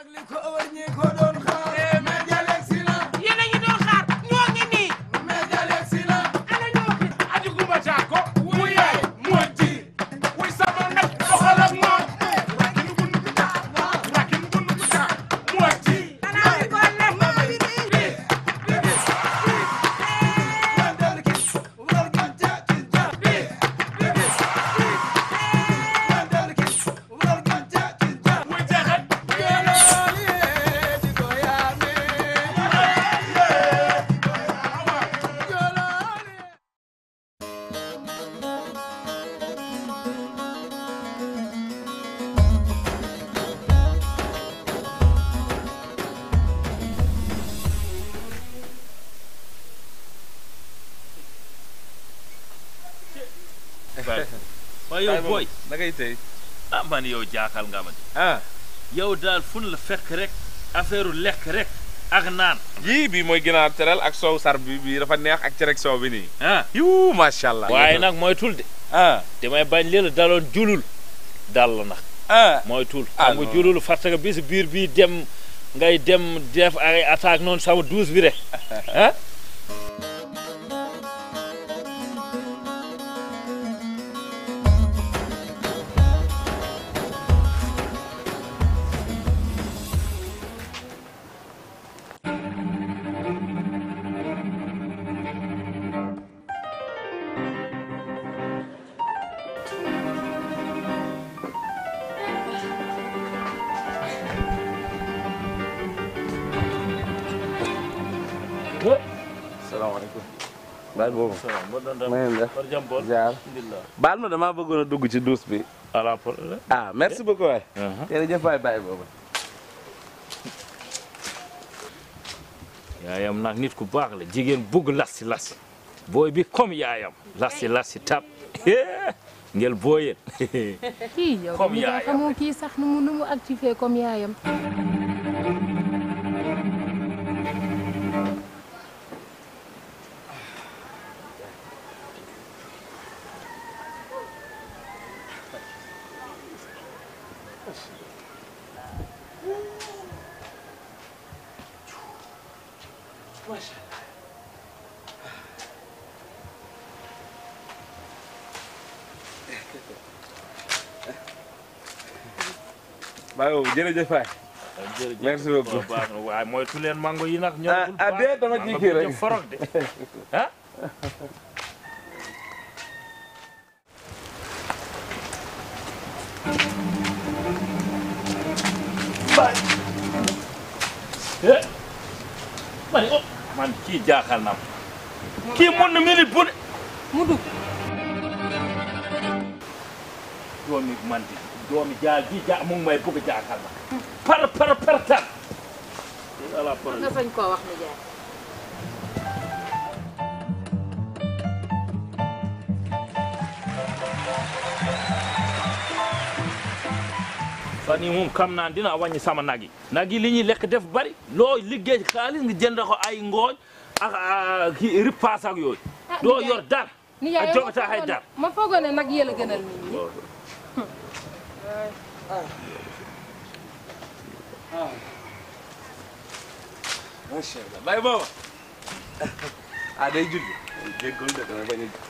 ak li ko wër ñi ko doon xaar waaye yow ngay tey ah nga ma yow daal fun la fekk rek affaire lekk rek ak naan yii bii mooy ginaar teral ak soow sar bi bii dafa neex ak cerek soow bi nii ah yu macha allah waaye nag mooy tul de ah damay bañ leen daloon julul dal la nag mooy tul ah, xam nga julul fartaka bis biir bii dem ngay dem def ay attaque noonu sama douze bi baal boobu baal ma damaa bëggoon a dugg ci douche bi. ah merci beaucoup waay. Uh-huh. jërëjëf waay bàyyi yaayam nag nit ku baax la jigéen bugg lassi lassi booy bi comme yaayam lassi lassi tab ngel booyeen. comme yaayam kii sax nu mu nu mu yaayam. 坐下来。waaw jërëjëf waay. jërëjëf merci beaucoup waaye mooy tu leen mango yi nag. ñoo ah ah dee Eh, ma oh, man kii jaaxal na ma kii mën na minute bu ne mu dugg doomi man doomi jaal ji ja mu ngi may bëgg jaaxal na par par par tar a yi moom xam naa dinaa wàññi sama nag yi nag yi li ñuy lekk def bari loo liggéey xaalis nga jënd ko ay ngooñ ak ah, ripaas ak yooyu ah, doo yor dar ak jogata ay dar a gënal nit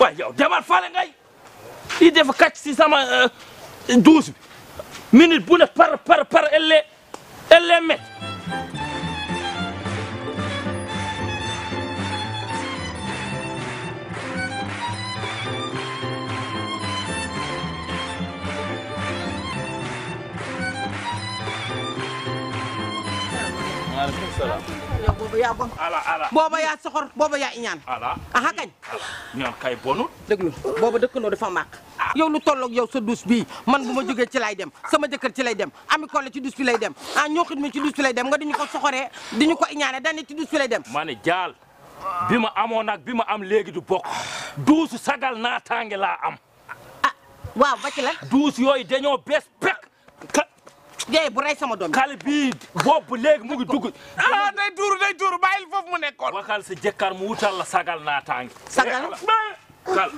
waaye yow demal fale ngay di def kàcc si sama euh, douze bi minute bu ne par par par elle elle met maaleykum salaam yow booba yaa bon. ala ala booba yaa soxor booba yaa iñaan. aha kañ. ñaan kay bonul. déglu booba dëkkandoo dafa màq. Ah. lu tolloog yow sa douche bii man bu ma jógee ci lay dem sama jëkkër ci lay dem ami kolle ci douche bi lay dem ah ñooxit mi ci douche bi lay dem nga diñu ko soxoree diñu ko iñaane dañ ci douche bi lay dem. ma ne jaal bi ma amoon ak bi ma am léegi du bokk duusu sagal naataange laa am. ah waaw ba ci la. duus yooyu dañoo bees pek. yee bu rey sama doom bi. xale bii bopp léegi mu ngi dugg. ah day duuru day duuru bàyyil foofu mu nekkoon. waxal sa jëkkër mu wutal la sagal naa tàngi. sagal kal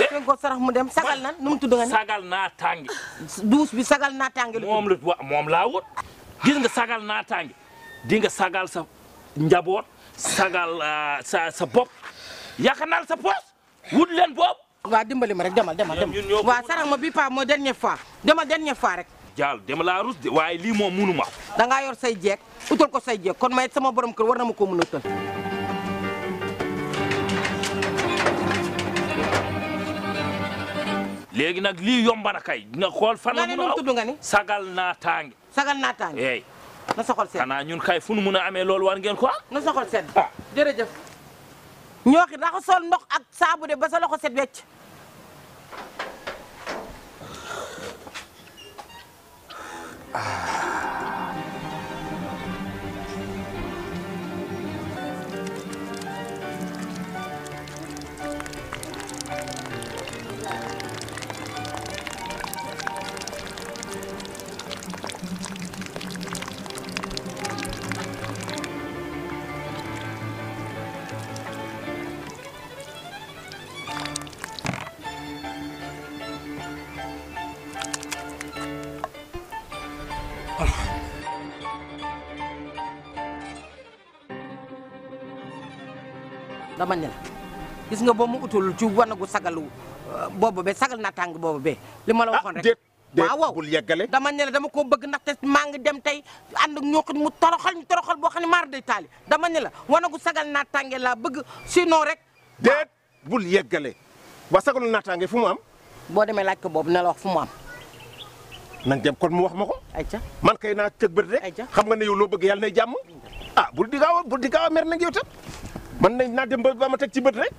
dégg ko sarax mu dem sagal nan nu tudd nga naa tàngi. duus bi sagal naa tàngi. moom la laa wut. gis nga sagal naa tàngi di nga sagal sa njaboot sagal ah, sa sa bopp yàqanal sa poos wut leen boobu. waa dimbali ma rek demal demal demal. waa sarax ma bi pa mooy dernière fois demal dernière fois rek. jaal dama laa rus waaye lii moom munu ma yor say jeek utal ko say jeek kon may sama borom kër war na ma koo mën a utal léegi nag lii yomba na kay dina xool fan la mun a tudd nga ni sagal naa tànge sagal naa tànge eey na soxol sedd xanaa ñun kay fu nu mun a amee loolu war ngeen ko am na soxol sedd ah. jërëjëf ñoo xi raxasool ndox ak saabu de ba sa loxo set wecc dama ne la gis nga boo mu utul ci gu sagalu uh, boobu be sagal naa tàng boobu be li ma la ah, waxoon rek waaw bul yeggale dama ne dama koo bëgg ndaxte maa ngi dem tey ànd ak ñoo mu toroxal ñu toroxal boo xam ne maar day taali dama ne la gu sagal naa tànge laa bëgg sinon rek déet bul yeggale waa sagalu naa tànge fu mu am boo demee laaj ko boobu ne la wax fu mu am nañ dem kon mu wax ma ko ayca man kay naa tëg bët rek xam nga ne yow loo bëgg yàlla nay jàmm ah bul a man nañ naa dem ba ma teg ci bët rek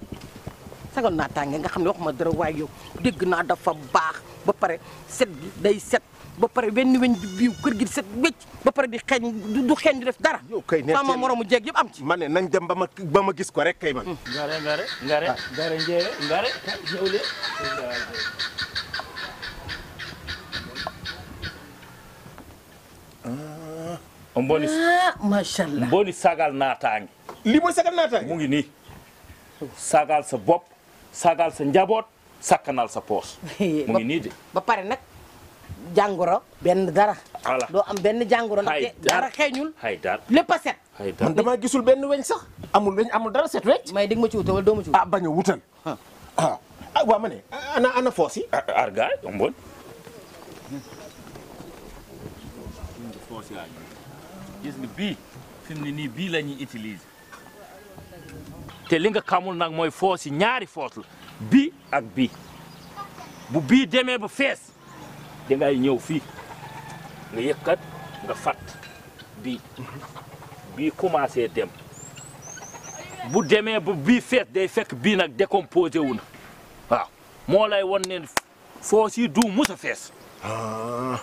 sagal naa nga xam ne waxuma dara waaye yow dégg naa dafa baax ba pare set day set ba pare wenn weñ bi kër gi di set wécc ba pare di xeeñ du xeeñ di def dara. yow kay nee sama jeeg yëpp am ci. ma ne nañ dem ba ma ba ma gis ko rek kay man. Hmm. ngare ngare ngare ah. ngare njéere ah. ah, sagal naataange. lii mooy sagal naataange mu ngi nii sagal sa bopp sagal sa njaboot sakkanal sa poos. mu ngi nii de ba pare nag jàngoro benn dara. voilà doo am benn jàngoro. ndaxte dara xeeñul. xay lépp a set. xay dara damaa gisul benn weñ sax. amul weñ amul dara set wecc. may dig ma ci wutal wala doo ma ci wutal. ah bañ a wutal. Ah. ah waaw ma ne ana ana foos yi. Ah, ah, argaay ombon. nii bii la ñuy utiliser. te li nga xamul nag mooy foos yi ñaari foos la bii ak bii bu bii demee ba fees dangay ñëw fii nga yëkkat nga fat bii bii commencé dem bu demee ba bii fees day fekk bii nag décomposé wu na waaw moo lay won ne foos yi du mus a fees ah.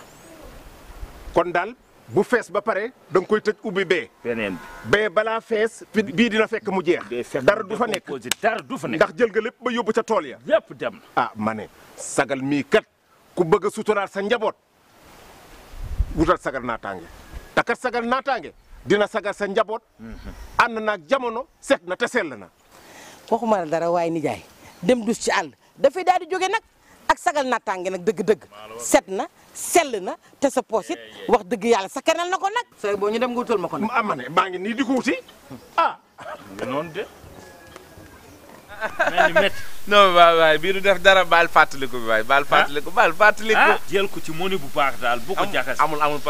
kon daal bu fees ba pare da koy tëj ubbi bee. beneen bi balaa fees. bii dina fekk mu jeex. dara du fa nekk dara du fa nekk. ndax jël nga lépp ba yóbbu ca tool ya. yépp dem na ah ma ne sagal mii kat ku bëgg a suturaal sa njaboot wutal sagal naataange te sagal naataange dina sagal sa njaboot. Mhm. ànd naag jamono set na te sell na. waxuma la dara waaye nijaay dem dus ci àll dafay daal jóge nag. ak sagal nattaange nag dëgg-dëgg set na sel na te sa poos wax dëgg yàlla sa kenal na ko nag. say boo ñu dem nga wutal ma ko nag. am ne maa ngi nii di ko wuti ah! bii du def dara baal fàttaliku bi waay bal ah? fàttaliku baal fàttaliku. ah ko ci moni bu baax daal bu ko jaxase. amul amul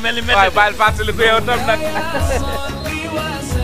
mel ni métti. waay fàttaliku yow tam nag.